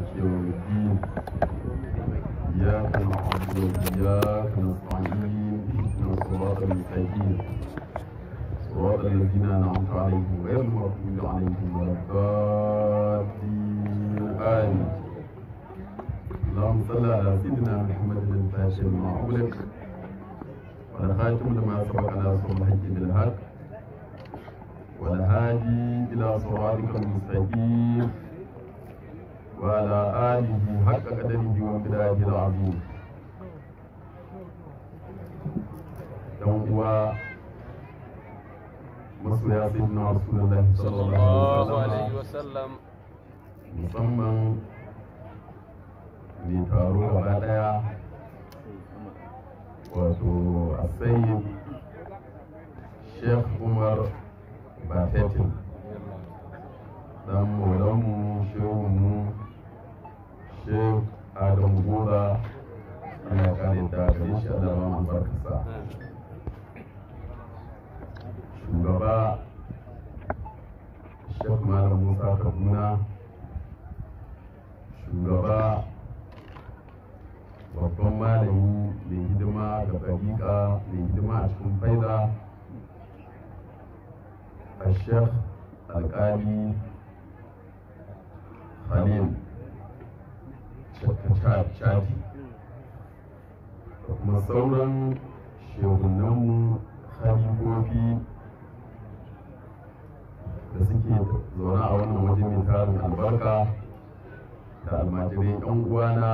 مالك يوم الدين إياك نعبد وإياك نستعين اهدنا الصراط المستقيم صراط الذين أنعمت عليهم غير المغضوب عليهم ولا الضالين آمين اللهم صل على سيدنا محمد الفاتح لما أغلق والخاتم لما سبق ناصر الحج بالحق والهادي إلى صراطك المستقيم وعلى آله حق قدره ومقداره العظيم يوم masoya sayyidina rasulullah sallallahu alaihi wasallam musamman mai taro gaba daya wato asayin sheikh umar bafetin dan maulanmu shehunmu sauran shehunanmu halifofi da suke zaune a wannan waje mai tarin albarka da almajirai yan uwana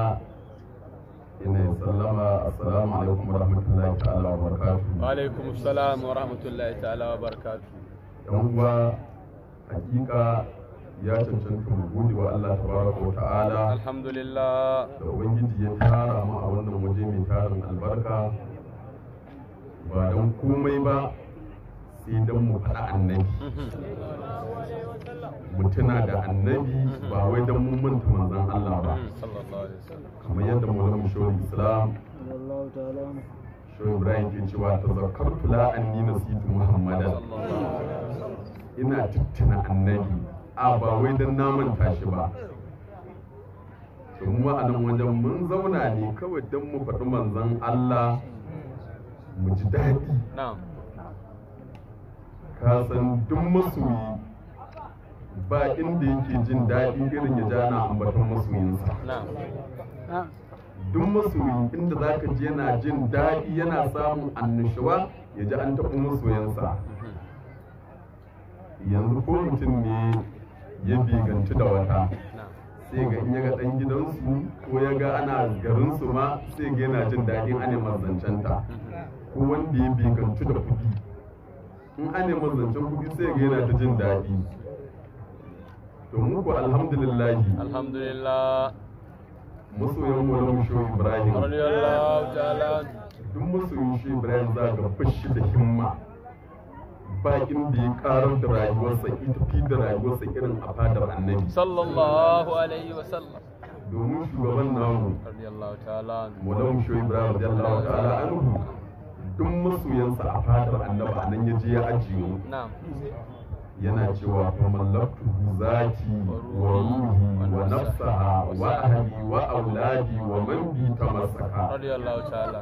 ina yi sallama assalamu alaikum wa rahmatullahi ta'ala wa barakatu wa alaikum assalam rahmatullahi ta'ala wa barakatu yan uwa hakika ya cancanta mu gode wa Allah tabaraka wa ta'ala alhamdulillah da ubangiji ya tara mu a wannan waje mai tarin albarka ba dan komai ba sai dan mu annabi mhm. mu tuna da annabi ba wai dan manta manzon Allah ba mhm. kamar yadda mu shawar islam shawar ibrahim ke cewa tazakkartu la'anni nasitu muhammadan ina tattuna annabi A'a ba wai don naman tashi ba domin a wajen mun zauna ne kawai don mu faɗi manzan Allah mu ji daɗi ka san duk masoyi ba inda yake jin daɗi irin ya ja na ambaton masoyinsa duk masoyi inda za ka ji yana jin daɗi yana samun annashawa ya ji an taɓa masoyansa mhm. yanzu ko mutum ne ya biganci da wata sai ga in ga dan gidansu ko ya ga ana garin su ma sai ga yana jin daɗin ana mazancanta ko wanda ya biganci da kuɗi in ana mazancen kuɗi sai ga yana jin daɗi to muku alhamdulillah alhamdulillah masoyan mu na musho ibrahim duk masoyin shi ibrahim za ga fushi da himma ba da ya karar da rayuwarsa ya tafi da rayuwarsa irin a fadar annabi sallallahu alaihi wasallam domin shugaban namu maulan shi ibrahim radiyallahu ta'ala anhu duk masoyansa a fadar annabi nan ya je ya ajiyo yana cewa famallabtu zaki wa ruhi wa nafsaha wa ahli wa auladi wa man bi tamassaka radiyallahu ta'ala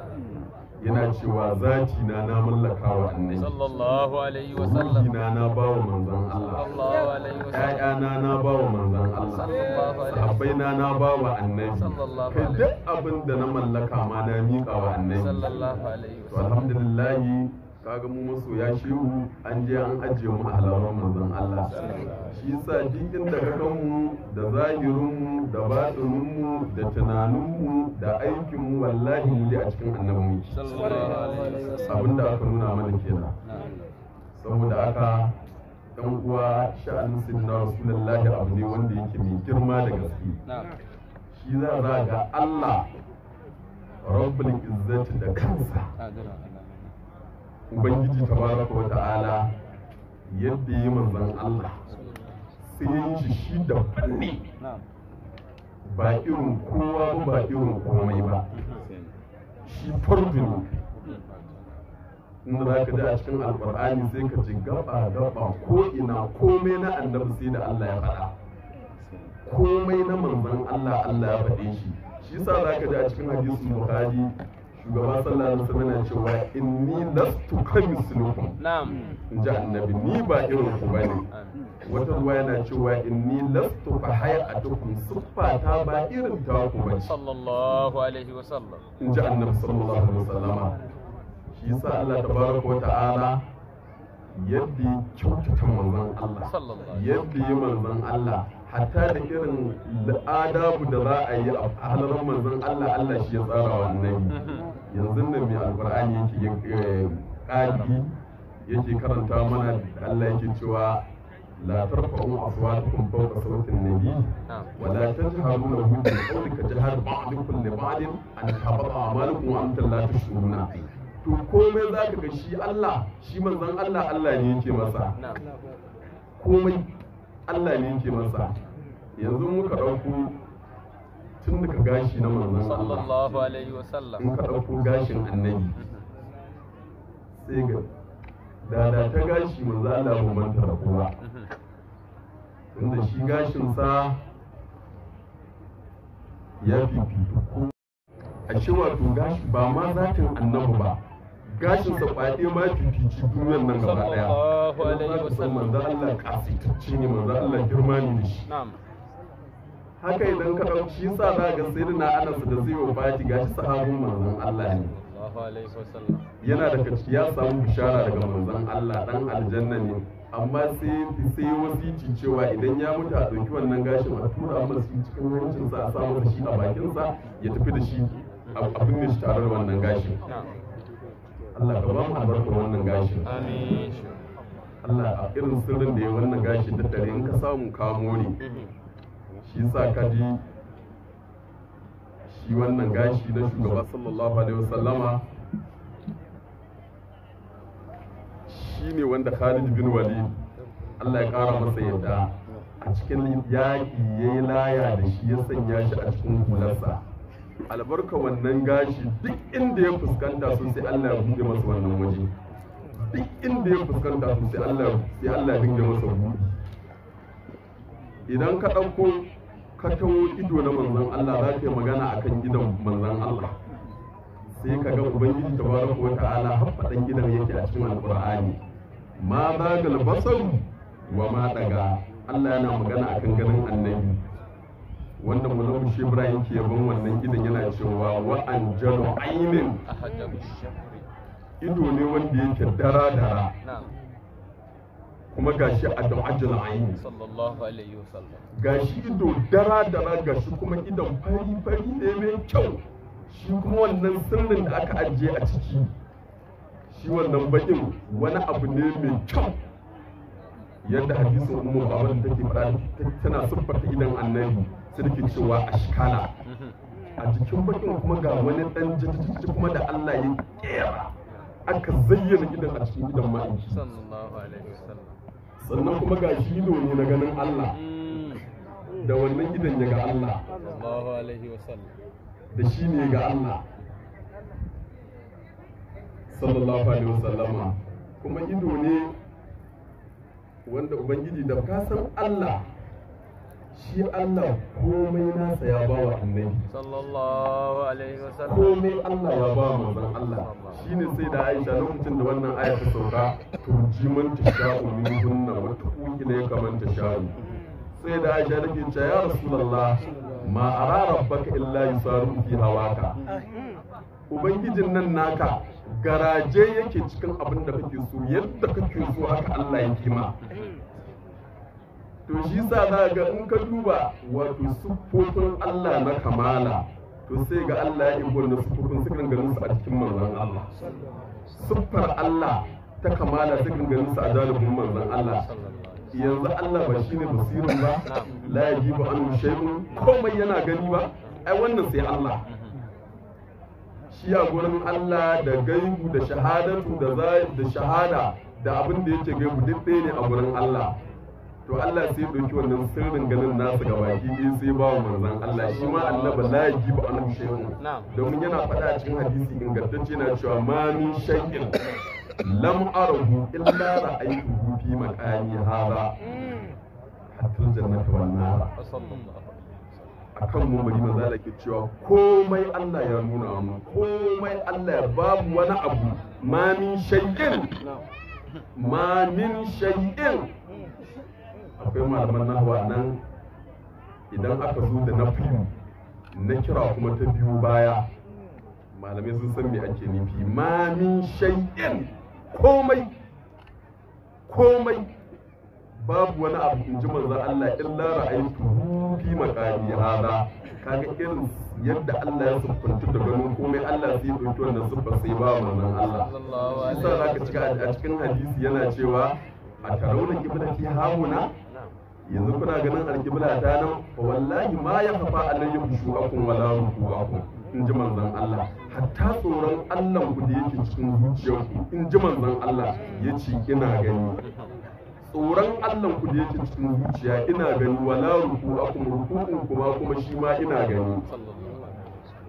yana cewa zaki na na mallaka wa annabi sallallahu alaihi wa sallam na na ba wa manzon Allah sallallahu alaihi wa sallam ya'ya na na ba wa manzon Allah sahabbai na na ba wa annabi kai duk abin da na mallaka ma na mika wa annabi sallallahu alaihi wa sallam alhamdulillah kaga mu masoya shi an je an ajiye mu alawar manzon Allah shi yasa duk inda ka da zahirinmu, da batinin da tunaninmu, da aikinmu, wallahi mu a cikin annabi abinda aka nuna mana kenan saboda haka dan uwa sha'anin sinna rasulullahi abu ne wanda yake mai girma da gaske shi za ga Allah rabbul izzati da kansa ubangiji bara ko ta'ala yadda yi manzan Allah sai ya ci shi da fanni ba irin kowa ba irin komai ba shi fardin inda za ka ji a cikin alkur'ani sai ka ji gaba gaba ko ina komai na annabi sai da Allah ya faɗa komai na manzan Allah Allah ya faɗe shi shi sa za ka ji a cikin hadisin bukhari shugaba sallallahu alaihi wasallam yana cewa ni lastu kamislukum na'am in ji annabi ni ba irin ku bane wata ruwa yana cewa in inni lastu fa hayatukum siffata ba irin ta ku bace sallallahu alaihi wasallam in ji annabi sallallahu alaihi wasallama shi yasa Allah tabaraka wa ta'ala yadda ya kyautata manzon Allah yadda ya manzon Allah hatta da irin adabu da za a yi a halarar manzon Allah Allah shi ya tsara wannan mhm. yanzu da mai alkur'ani yake yin eh, ƙagi yake karanta mana Allah yake cewa la tarfa'u aswatukum fawqa sawti an-nabi wa la tajharu lahu bil qawli ka jahar ba'dukum li ba'din an habata a'malukum wa antum la tashuruna to komai zaka ga shi Allah shi manzon Allah Allah ne yake masa komai Allah ne yake masa yanzu muka dauko tun daga gashi na manzon sallallahu alaihi wasallam in ka ɗauko gashin annabi sai ga dada ta gashi manzo Allah ba manta da kowa inda shi gashin sa ya fi ko a shi wato gashi ba ma zatin annabi ba gashin sa kwaɗe ma fifici duniyar nan gaba ɗaya. Sallallahu alaihi wasallam. Manzo Allah kasitacce ne manzo Allah girma ne da shi. haka idan ka ɗauki shi sa za ga sai sayyidina Anas da zai wa baki gashi sahabin manzon Allah ne yana da kaci ya samu bishara daga manzon Allah dan aljanna ne amma sai sai wasici cewa idan ya mutu a ɗauki wannan gashin a tura masa cikin hancin sa a sa da shi a bakin sa ya tafi da shi abin da shi tare da wannan gashin Allah ka ba mu albarkar wannan gashin Allah a irin sirrin da ya wannan gashi da dare in ka samu kamo ne mhm. shi yasa ka ji shi wannan gashi na shugaba sallallahu alaihi wasallama shi ne wanda Khalid bin Walid Allah ya kara masa yadda a cikin yaƙi ya yi laya da shi ya sanya shi a cikin hularsa albarka wannan gashi duk inda ya fuskanta sun sai Allah ya buɗe masa wannan waje duk inda ya fuskanta sun sai Allah sai Allah ya dinga masa buɗe idan ka ɗauko ka kawo ido na manzon Allah za ka yi magana a kan gidan manzon Allah sai ka ga ubangiji tabaraka wa ala haffadan gidan yake a cikin alqur'ani ma za ga basar wa ma daga Allah yana magana a kan ganin annabi wanda malamu shi Ibrahim ke yaban wannan gidan yana cewa wa anjalu ido ne wanda yake dara dara kuma shi a dam'ajin ayin ga shi wasallam ido dara dara shi kuma idan fari fari ne mai kyau shi kuma wannan sirrin da aka ajiye a ciki shi wannan bakin wani abu ne mai kyau yadda umu ba baban take fara tana siffata idan annabi sai cewa cewa shikala a jikin bakin kuma ga wani dan jajjaji kuma da Allah ya kera aka zayyana idan a cikin idan ma'aiki sallallahu alaihi wasallam sannan kuma ga shi ido ne na ganin Allah mm. da wannan gidan ya ga Allah da shi ne ga Allah sallallahu alaihi wasallama kuma ido ne wanda ubangiji da kasan Allah shi Allah komai nasa ya ba wa annabi sallallahu alaihi wasallam komai Allah ya ba dan Allah shine sai da Aisha lokacin da wannan aya ta saura to jiman ta sha'u min hunna wa ne la yakamanta sha'u sai da Aisha take cewa ya rasulullah ma ara rabbaka illa yusaru fi hawaka ubangijin nan naka garaje yake cikin abin da kake so yadda kake so haka Allah ya kima to shi sa za ga in ka duba wato siffofin Allah na kamala to sai ga Allah ya ibo na siffofin sukan ganin su a cikin manzon Allah siffar Allah ta kamala sukan ganin su a dalibin manzan Allah yanzu Allah ba shine basirin ba la ba an shay'un komai yana gani ba ai wannan sai Allah shi a gurin Allah da gaibu da shahadatu da shahada da abin da yake gaibu duk ɗaya ne a gurin Allah to Allah sai ɗauki wannan sirrin ganin nasu ga baki ɗaya sai ba mu manzan Allah shi ma annaba la yi ba an ba. domin yana faɗa cikin hadisi ingantacce na cewa ma min shay'in lam arahu illa ra'aytuhu fi makani hada hatta jannatu wan nar akan mu bari manzo Allah ke cewa komai Allah ya nuna mu komai Allah ya babu wani abu ma min shay'in ma min shay'in akwai malaman nahawa nan idan aka zo da na na kira kuma ta biyu baya malamai sun san me ake nufi ma min shay'in komai komai babu wani abu in ji manzon Allah illa ra'aytu fi maqami hada kaga irin yadda Allah ya sufanta da ganin komai Allah zai ya dauki wannan sufa sai ba manzon Allah sallallahu alaihi wasallam a cikin hadisi yana cewa a tarawna ibnati hauna yanzu kuna ganin alƙibla ta nan wallahi ma ya fafa alayhi khushu'akum wala akun in ji manzon Allah hatta tsoron Allah ku da yake cikin ku in ji manzon Allah ya ce ina gani tsoron Allah ku da yake cikin zuciya ina gani wala ruku'akum ruku'un kuma kuma shi ma ina gani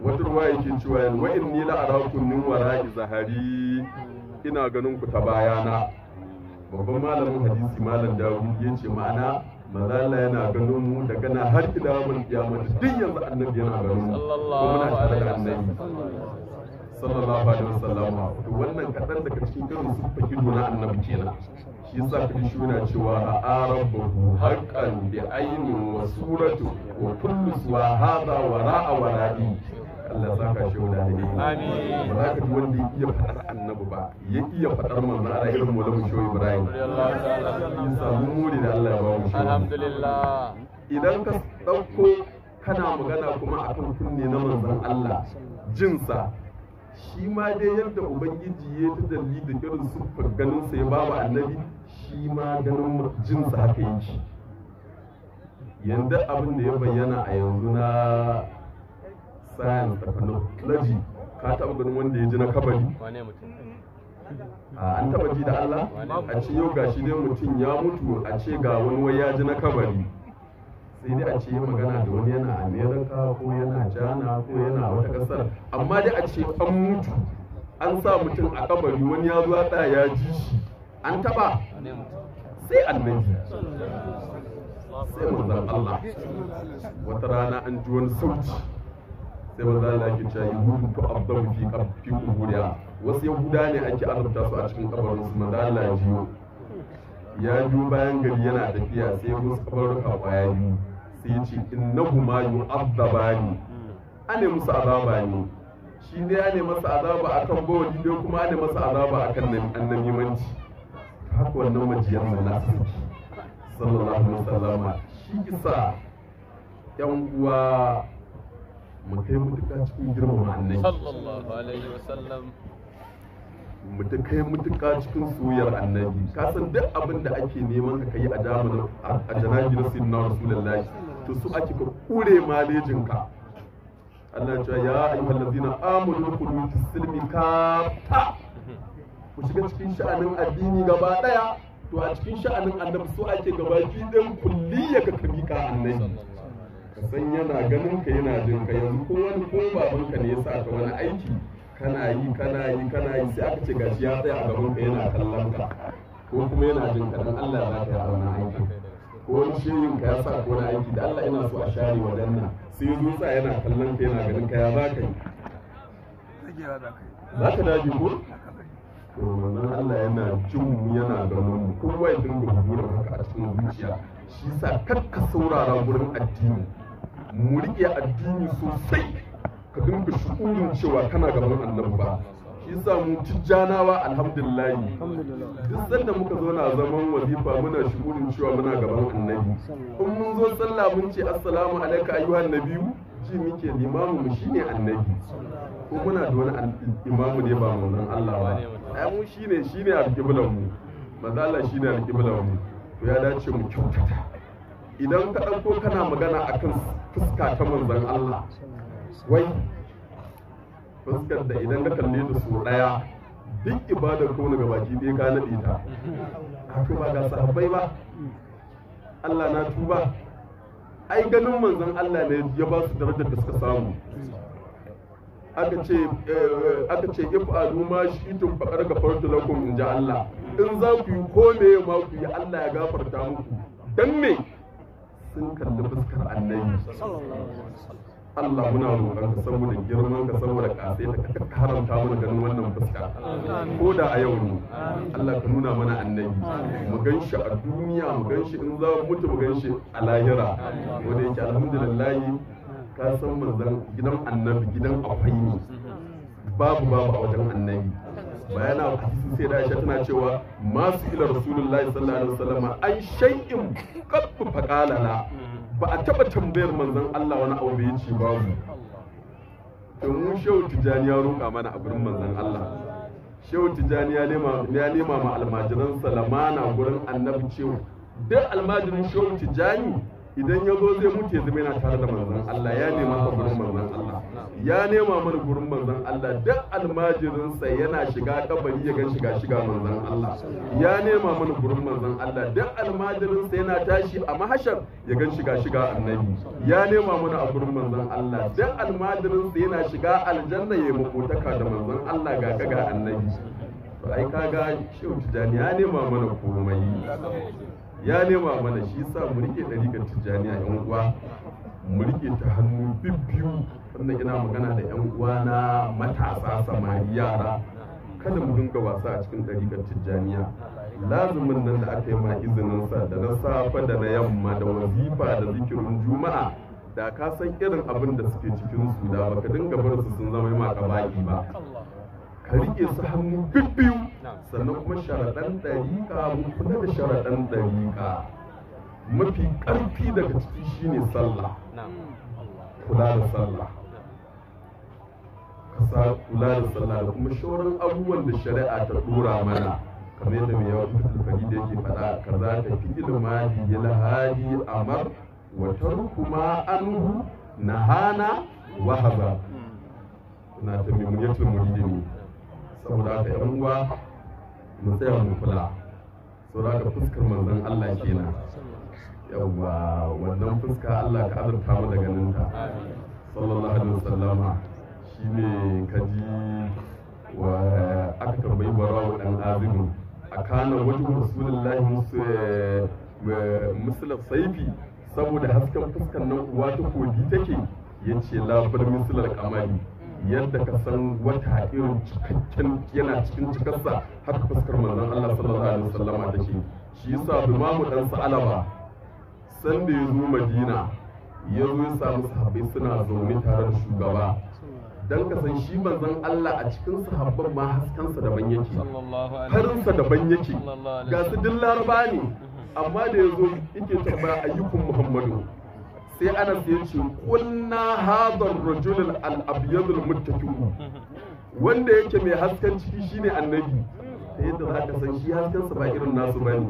wata ruwa yake cewa wa inni la arakum min wara'i zahari ina ganin ku ta bayana babban malamin hadisi malam Dawud yace ma'ana manzo Allah yana ganin mu da na har ila mun kiyama duk yanzu annabi yana ganin mu sallallahu alaihi wasallam sallallahu alaihi wasallam to wannan kadan daga cikin garin sufaki nuna annabi kenan shi yasa kudi shi yana cewa a arabu haqqan bi ainin wa suratu wa kullu suwa hadha wa ra'i Allah ya saka shi da alheri amin ba ka wanda ya iya faɗar annabi ba ya iya faɗar manzon Allah irin mulamu shi Ibrahim samu muri da Allah ya ba mu alhamdulillah idan ka dauko kana magana kuma akan kunne na manzon Allah jinsa shi ma dai yadda ubangiji ya ta dalli da irin siffar ganinsa ya babu annabi shi ma ganin jinsa haka yake yanzu abin da ya bayyana a yanzu na science technology ka taɓa ganin wanda ya ji na kabari an taɓa ji da Allah a ce yau gashi dai mutum ya mutu a ce ga wani wai ya ji na kabari sai dai a ce magana da wani yana amerika ko yana jana ko yana wata ƙasar. amma dai a ce an mutu an sa mutum a kabari wani ya zuwa ɗaya ya ji shi an taɓa sai annabi sai manzon Allah wata rana an ji wani sauti sai wanda Allah yake cewa ku abdamu fi fi kuburiya wasu yahuda ne ake azabta su a cikin kabarin su maza Allah ya jiyo ya biyo bayan gari yana tafiya sai ya musu kabar kwaya bayani sai ya ce innahu ma yu'azzabani ane musu azaba ne shi ne ya ne masa azaba akan bawali ne kuma ane masa azaba akan manci haka wannan majiyar na sallallahu alaihi wasallama shi isa yan uwa mu kai mutuka cikin girmama annabi sallallahu alaihi wasallam kai mutuka cikin soyayyar annabi ka san duk abin da ake neman ka kai a damanin a janabi na sayyidina rasulullahi to su ake ka kure malejin ka Allah ya ya ayyuhal ladina amanu kullu tislimi ta ku shiga cikin sha'anin addini gaba daya to a cikin sha'anin annabi su ake gaba ki kulli kulliya ka ka annabi ka san yana ganin ka yana jin ka yanzu ko wani ko babanka ne ya sa ka wani aiki kana yi kana yi kana yi sai aka ce gashi ya tsaya a gaban ka yana kallon ka ko kuma yana jin ka dan Allah ya ka wani aiki ko wani shirin ka ya sa ka wani aiki da Allah yana so a share nan sai zuwa yana kallon ka yana ganin ka ya baka ka yi za ka daji ko to wannan Allah yana jin mu yana ganin mu kuma wai dinga gurin haka a cikin zuciya shi sa ka saurara gurin addini mu riƙe addini sosai ka dinga shukurin cewa kana gaban Allah ba shi yasa mu tijjanawa alhamdulillah duk sanda muka zo na zaman wazifa muna shukurin cewa muna gaban annabi in mun zo sallah mun ce assalamu alayka ayyuhan nabiyu ji muke limamu mu shine annabi ko muna da wani imamu ne ba manzon Allah ba ai mu shine shine alqiblan mu manzo Allah shine alqiblan mu to ya dace mu kyautata idan ka ɗauko kana magana akan fuska ta manzan Allah wai fuskar da idan ka kalle da su daya duk ibadar ko na gabaki ɗaya ka naɗe ta haka ba ga sahabbai ba Allah na tuba ai ganin manzan Allah ne ya ba su darajar da suka samu aka ce eh, aka ce if'alu ma tun faɗar ga ghafartu lakum in ji Allah in za ku yi ko me ma ku yi Allah ya gafarta muku dan me sun kalli fuskar annabi Allah muna roƙon ka saboda girman ka saboda kasai da ka haramta mana ganin wannan fuska ko da a yau ne Allah ka nuna mana annabi mu ganshi a duniya mu ganshi in za mu mutu mu ganshi a lahira wanda yake alhamdulillah ka san manzon gidan annabi gidan akwai babu babu a wajen annabi bayana sai da Aisha tana cewa masu ila rasulullahi sallallahu alaihi wasallam ai shay'in qad faqala la ba a taba tambayar manzon Allah wani abu bai ce mu. to mu shehu tijani ya roka mana a gurin manzon Allah shehu tijani ya nema ya nema ma almajiran salamana gurin annabi cewa duk almajirin shehu tijani idan ya zo zai mutu ya zama yana tare da manzon Allah ya nema ka gurin manzon Allah ya nema mana gurin manzon Allah duk almajirin sa yana shiga kabari ya gan shiga shiga manzon Allah ya nema mana gurin manzon Allah duk almajirin sa yana tashi a mahashar ya gan shiga shiga annabi ya nema mana a gurin manzon Allah duk almajirin sa yana shiga aljanna ya makotaka da manzon Allah ga ga annabi ai kaga shehu tijani ya nema mana komai ya nema mana shi sa mu rike ɗariƙar tijjaniya yan uwa mu rike ta hannu bibbiyu sannan ina magana da yan uwa na matasa samari yara kada mu dinga wasa a cikin ɗariƙar tijjaniya lazumin nan da aka yi ma izinin sa da na safe da na yamma da wazifa da zikirin juma'a da ka san irin abin da suke cikin su da baka dinga bar sun zama maka baki ba ka rike su hannu bibbiyu sannan kuma sharaɗan ɗariƙa mun kula da sharaɗan ɗariƙa mafi ƙarfi daga ciki shine sallah kula da sallah Kasa kula da sallah da kuma shauran abubuwan da shari'a ta ɗora mana kamar yadda mai yawan fitil da yake faɗa kaza ka fi ilmadi ya lahadi amar wata rukuma anhu nahana wahaza na ta mimuriyatul muridini saboda haka yan uwa mu tsaya mu kula saboda ka fuskar manzon Allah kenan yawwa wannan fuska Allah ka azurta mu da ganin sallallahu alaihi wasallama shine kaji wa aka tambayi barawo dan azumi akana wajhu rasulullahi musulaf eh, saifi saboda hasken fuskar nan uwa ta kogi take yace labar misalar kamari yadda ka san wata irin cikakken yana cikin cikarsa Har fuskar manzon Allah sallallahu alaihi wasallama take shi yasa Imamu dan salama san da yazo Madina yazo zo ya samu sahabbai suna zaune tare da shugaba dan ka san shi manzon Allah a cikin sahabban ma haskansa daban yake harinsa daban yake ga su duk laraba ne amma da yazo yake tambaya ayyukan Muhammadu sai ana ya ce kunna hadar rajulul al-abyadul muttaqin wanda yake mai hasken ciki shine annabi ta yadda za ka san shi haskensa ba irin nasu ba ne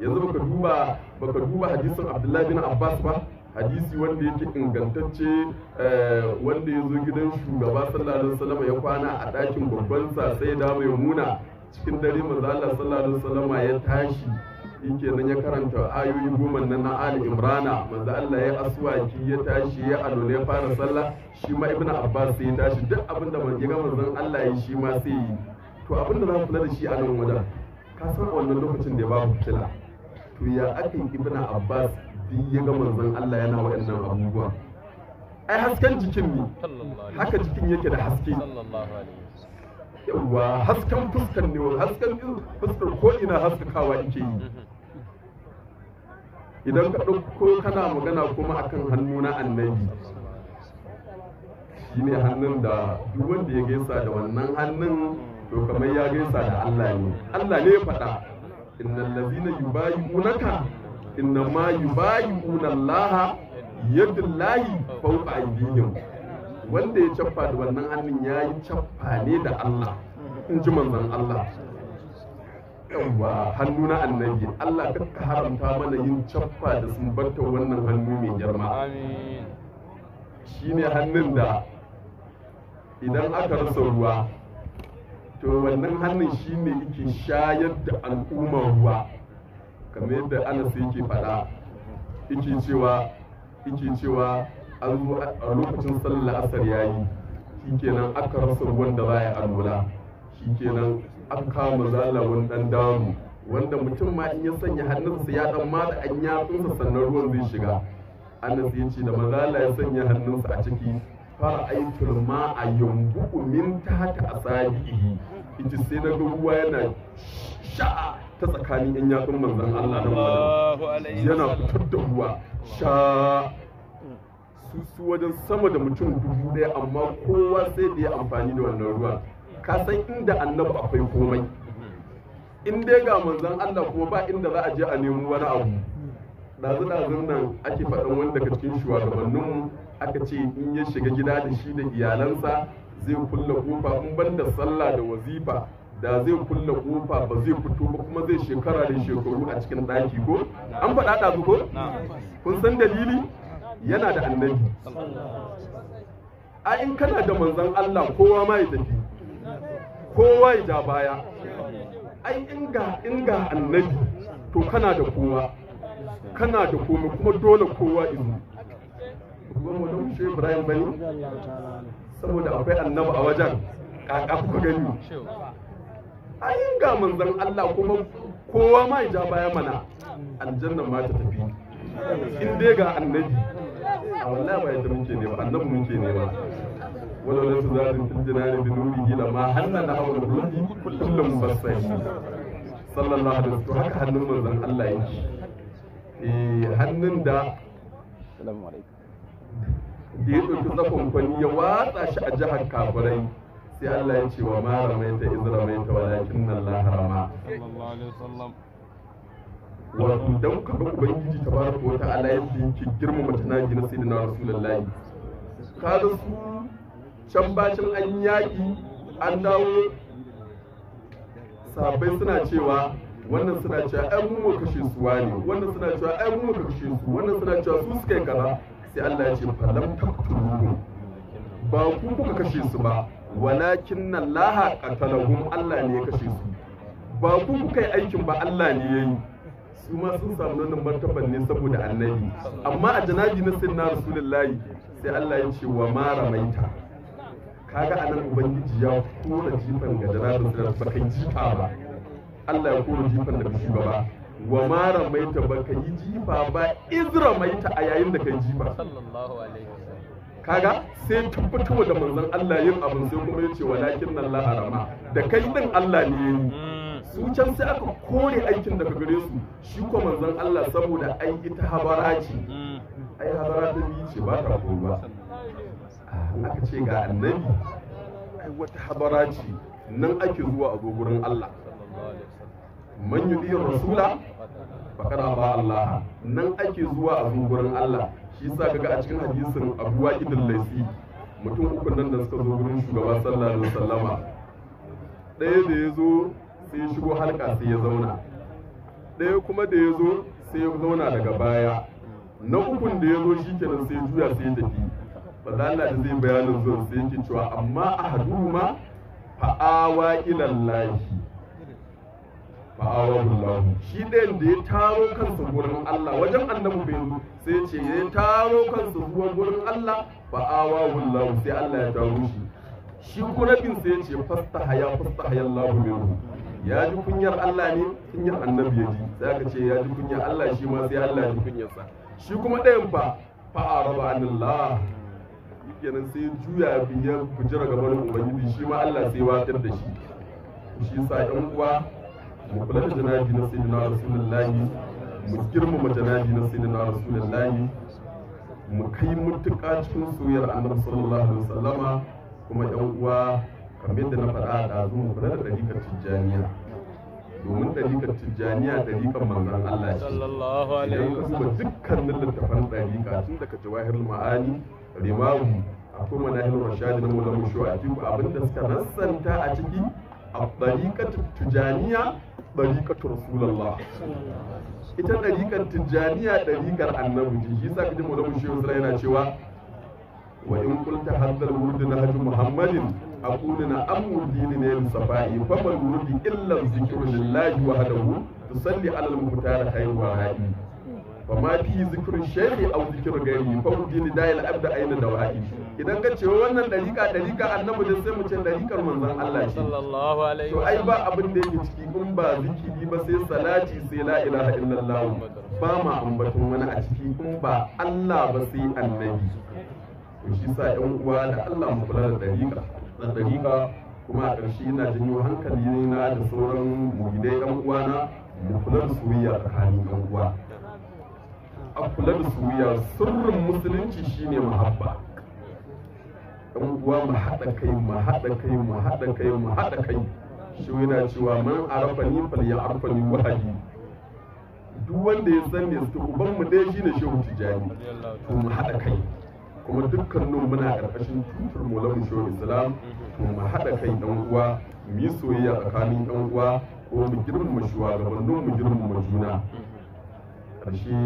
yanzu baka duba baka duba hadisin abdullahi bin abbas ba hadisi wanda yake ingantacce eh, wanda ya zo gidan shugaba sallallahu alaihi wasallam ya kwana a ɗakin babbansa sai da mai muna cikin dare manzo Allah sallallahu alaihi wasallam ya tashi yake nan ya karanta ayoyi goma nan na Ali Imrana manzo Allah ya aswaki ya tashi ya alole ya fara sallah shi ma Ibn Abbas sai ya tashi duk abinda da ya Allah ya shi ma sai yi to abin da za mu kula da shi a nan wajen ka san wannan lokacin da ya babu fitila to ya aka yi ibn abbas din ya ga manzon Allah yana waɗannan abubuwa ai hasken jikin ne haka jikin yake da haske yawwa hasken fuskar ne wani hasken fuskar ko ina haskakawa yake yi idan ka ɗauko kana magana kuma akan hannu na annabi shine hannun da duk wanda ya gaisa da wannan hannun to kamar ya gaisa da Allah ne Allah ne ya faɗa innal ladina yubayyunaka inna ma Allah yadullahi fawqa aydihim wanda ya cappa da wannan hannun ya yi cappa ne da Allah in ji manzon Allah yawa hannu na annabi Allah ka haramta mana yin cappa da sumbantar wannan hannu mai girma shine hannun da idan aka rasa ruwa to wannan hannun shine yake shayar da al'umma ruwa kamar yadda anas yake faɗa yake cewa yake cewa a lokacin sallar asar yayi shikenan aka rasa ruwan da baya alwala shikenan an kama zalawan dan damu wanda mutum ma in ya sanya hannunsa ya dan da an yatsunsa sannan ruwan zai shiga anas ya da mazala ya sanya hannunsa a ciki Fara fara'aitul ma'a ta min a asabihi ita sai na ga ruwa yana sha'a ta tsakanin yan yatsun manzan Allah na wajen yana fitar da ruwa sha su wajen sama da mutum dubu ɗaya amma kowa sai da ya amfani da wannan ruwa ka san inda annabi akwai komai in dai ga manzan Allah kuma ba inda za a je a nemo wani abu dazu-dazun nan ake faɗin wanda ka cikin shugabanninmu aka ce in ya shiga gida da shi da iyalansa zai kulla kofa in ban da sallah da wazifa da zai kulla kofa ba zai fito ba kuma zai shekara da shekaru a cikin ɗaki ko an faɗa ɗazu ko kun san dalili yana da annabi a in kana da manzon Allah kowa ma ya tafi kowa ya ja baya ai inga inga annabi to kana da kowa kana da komai kuma dole kowa izu ruwan shi ibrahim bane saboda akwai annabi a wajen kaka kuka gani ayin ga manzon Allah kuma kowa ma ya ja baya mana aljannan ma ta tafi in dai ga annabi a wallahi ba yadda muke ne ba annabi muke ne ba ولو لم تزال في الجنان بنوره لما هن نحو الروح كل مبصر صلى الله عليه وسلم هكا هنن من الله يجي هنن دا السلام عليكم da ya ɗauki zakon ya watsa shi a jihar kafirai sai Allah ya ce wa ma ramaita iz ramaita walakin Allah rama wato dan ka ga ubangiji tabaraka wa ta'ala yadda yake girmama tanaji na sayyidina rasulullahi kaga su can bacin an yaƙi an dawo sabai suna cewa wannan suna cewa ai mu kashe su wani wannan suna cewa ai mu kashe su wannan suna cewa su suka yi kaza sai Allah ya ce falam taqtuluhu ba ku kuka kashe su ba walakin Allah qatalahum Allah ne ya kashe su ba ku kuka yi aikin ba Allah ne ya yi su ma sun samu wannan martaban ne saboda annabi amma a janabi na sayyidina rasulullahi sai Allah ya ce wa maramaita kaga anan ubangiji ya kora jifan ga janabi ba kai jifa ba Allah ya kora jifan da ba. wa mara maita ba ka yi jifa ba izra ta a yayin da ka yi jifa kaga sai tabbatarwa da manzon Allah yin abin sai kuma yace walakin nan la da kai din Allah ne yayi hmm. su can sai aka kore aikin daga gare su shi ko manzon Allah saboda ai ita habara ce hmm. ai habara ta biyu ce ba ta A ah, aka ce ga annabi ai wata habara ce nan ake zuwa a gurin Allah man yudi rasula faqad ba Allah nan ake zuwa a gurin Allah shi ka kaga a cikin hadisin Abu Waqid al-Laysi mutum uku nan da suka zo gurin shugaba sallallahu alaihi wasallama ɗaya da ya zo sai ya shigo halka sai ya zauna ɗaya kuma da ya zo sai ya zauna daga baya na ukun da ya zo shi kenan sai juya sai ya tafi ba za Allah da zai bayanin zuwa sai yake cewa amma ahaduhuma fa'awa ilallahi fa'awahullahu shi ɗayan da ya taro kansa gurin Allah wajen annabi bai sai ce ya taro kansa zuwa gurin Allah fa'awahullahu sai Allah ya taro shi shi kurabin sai ya ce fasta haya fasta haya Allahu minhu ya ji kunyar Allah ne kunyar annabi ya ji sai aka ce ya ji kunyar Allah shi ma sai Allah ya ji kunyarsa shi kuma ɗayan fa fa'araba anillah kenan sai juya biyar kujira gaban ubangiji shi ma Allah sai watar da shi shi sa ɗan uwa mu kula da janabi na sayyidina rasulullahi mu girmama janabi na sayyidina rasulullahi mu kai mutuƙa cikin soyayyar annabi sallallahu alaihi wasallama kuma yan uwa kamar yadda na faɗa da mu kula da ɗariƙar tijjaniya domin ɗariƙar tijjaniya ɗariƙar manzon Allah ce idan ka duba dukkanin littafan ɗariƙa tun daga jawahir ma'ani rimahu akwai manahil rashadi na mulamu shu'aji abinda suka rassanta a ciki الطريقة التجانية طريقة رسول الله ita ɗarikar tijjaniya ɗarikar annabi ce shi sa kaji mulamu shehu sura yana cewa wa in kulta haddar wurdi na hajji muhammadin a kulina an wurdi ne na yin safa'i faman wurdi illan zikiru lillahi wa hadahu tu salli alal mukuta da kayan wahayi fa ma fi zikirin shehi au zikiru gari fa wurdi ni dayal abda aina da wahayi idan ka ce wannan dariƙa dariƙa annabi da sai mu ce dariƙar manzon Allah ce sallallahu alaihi to ai ba abin da yake ciki in ba zikiri ba sai salati sai la ilaha illallah ba ma ambatun wani a ciki in ba Allah ba sai annabi to shi sa ɗan uwa da Allah mu kula da dariƙa da dariƙa kuma a ƙarshe ina janyo hankali na da sauran mugidai ɗan uwana mu kula da soyayya tsakanin ɗan uwa a kula da soyayya sirrin musulunci shine muhabba ɗan uwa mu haɗa kai mu haɗa kai mu haɗa kai mu haɗa kai shi yana cewa man arafa ni fal ya arafa ni wahayi duk wanda ya san ne su uban mu dai shine shehu tijani to mu haɗa kai kuma dukkan nan muna karkashin tutar molamu shehu islam to mu haɗa kai ɗan uwa mu yi soyayya tsakanin ɗan uwa ko mu girmama shugabannin mu girmama juna karshe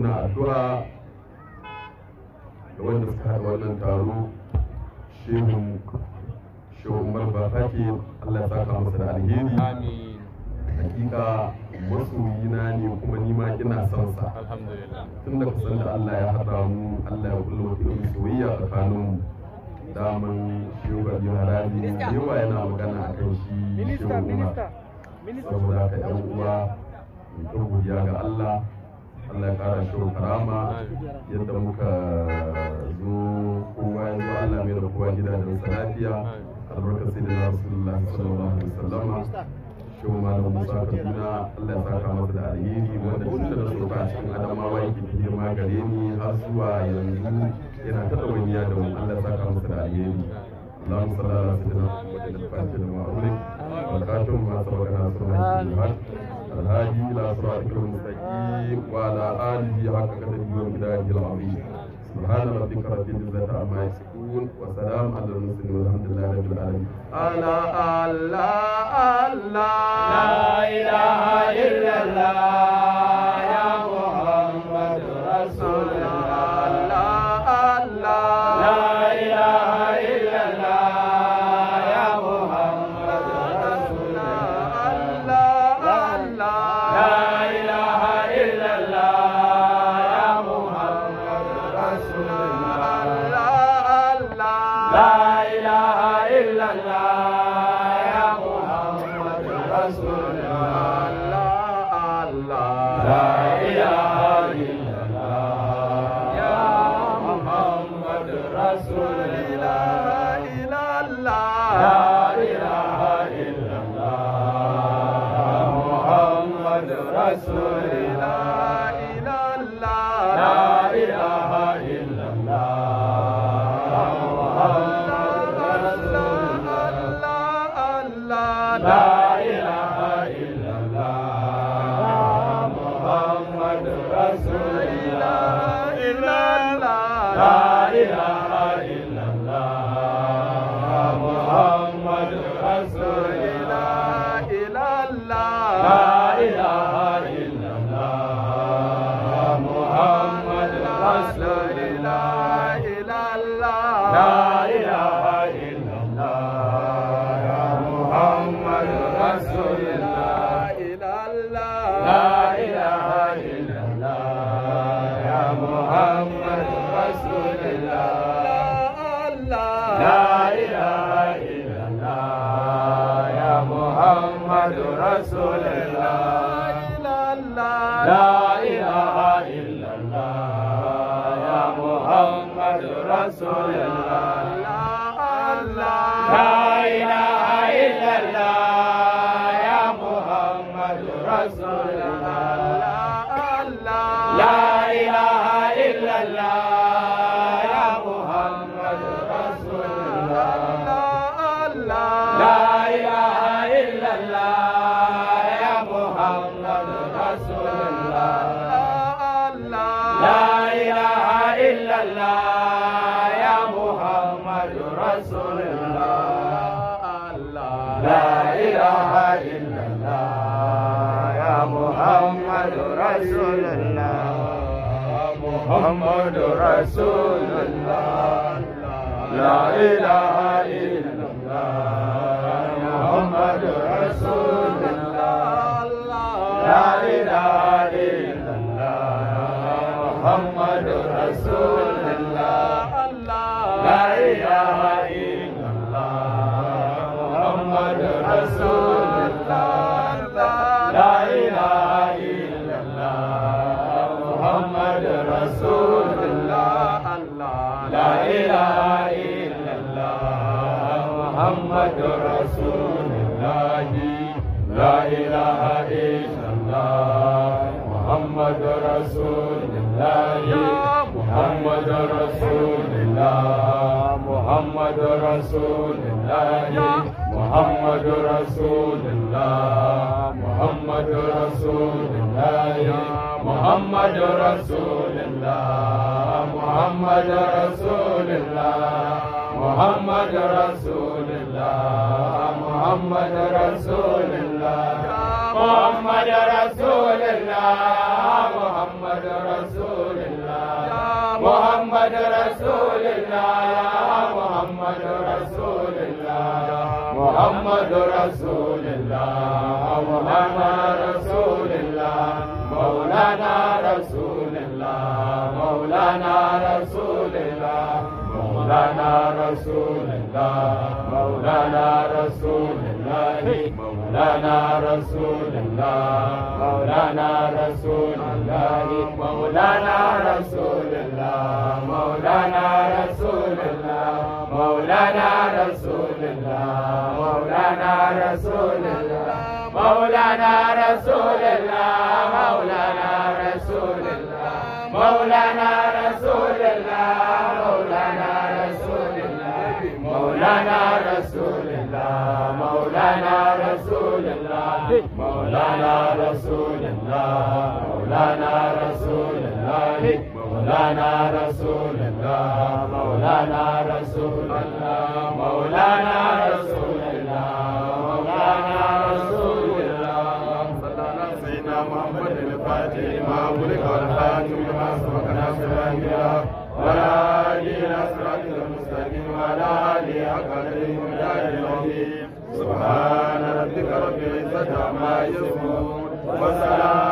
ina addu'a da wanda suka haɗa wannan taro shehun shehu umar bafaki allah ya saka masa da alheri hakika masoyi na ne kuma ni ma ina son sa tun da kusan da allah ya haɗa mu allah ya kulla wata irin soyayya tsakanin mu daman shehu gabi yawa yana magana a kan shi shehu umar saboda ka yan uwa in ga Allah Allah ya kara shi karama yadda muka zo kowa ya zo Allah mai da kowa gidajen sa lafiya albarkar sai da na rasulullah sallallahu alaihi shi ma da musa kaduna Allah ya saka masa da alheri wanda tun da su cikin adamawa yake girma gare ni har zuwa yanzu yana ta dawaniya da mu Allah ya saka masa da alheri اللهم صل على سيدنا محمد الفاتح لما الهادي الى صراطك المستقيم وعلى اله حق قدره ومقداره العظيم سبحان ربك رب العزه عما يصفون وسلام على المرسلين والحمد لله رب العالمين انا الله الله لا اله الا الله La ilaha illallah Dai. رسول الله لا إله إلا الله يا محمد رسول الله محمد رسول الله لا إله إلا الله محمد رسول الله لا إله إلا الله محمد رسول رسول الله محمد رسول الله محمد رسول الله محمد رسول الله محمد رسول الله محمد رسول الله محمد رسول الله محمد رسول الله محمد رسول الله محمد رسول الله محمد رسول الله محمد رسول الله محمد رسول الله محمد رسول الله مولانا رسول الله مولانا رسول الله مولانا رسول الله مولانا رسول الله مولانا رسول الله مولانا رسول الله مولانا رسول الله مولانا رسول الله مولانا رسول الله مولانا رسول الله مولانا رسول الله مولانا رسول الله مولانا مولانا رسول الله مولانا رسول الله مولانا رسول الله مولانا رسول الله مولانا رسول الله مولانا رسول الله صلى سيدنا محمد الفاتح ما ولد والخاتم لما سبق ناصر الانبياء ولا الى صراط المستقيم ولا الى قدر المجاهد سبحان mais o mundo gozará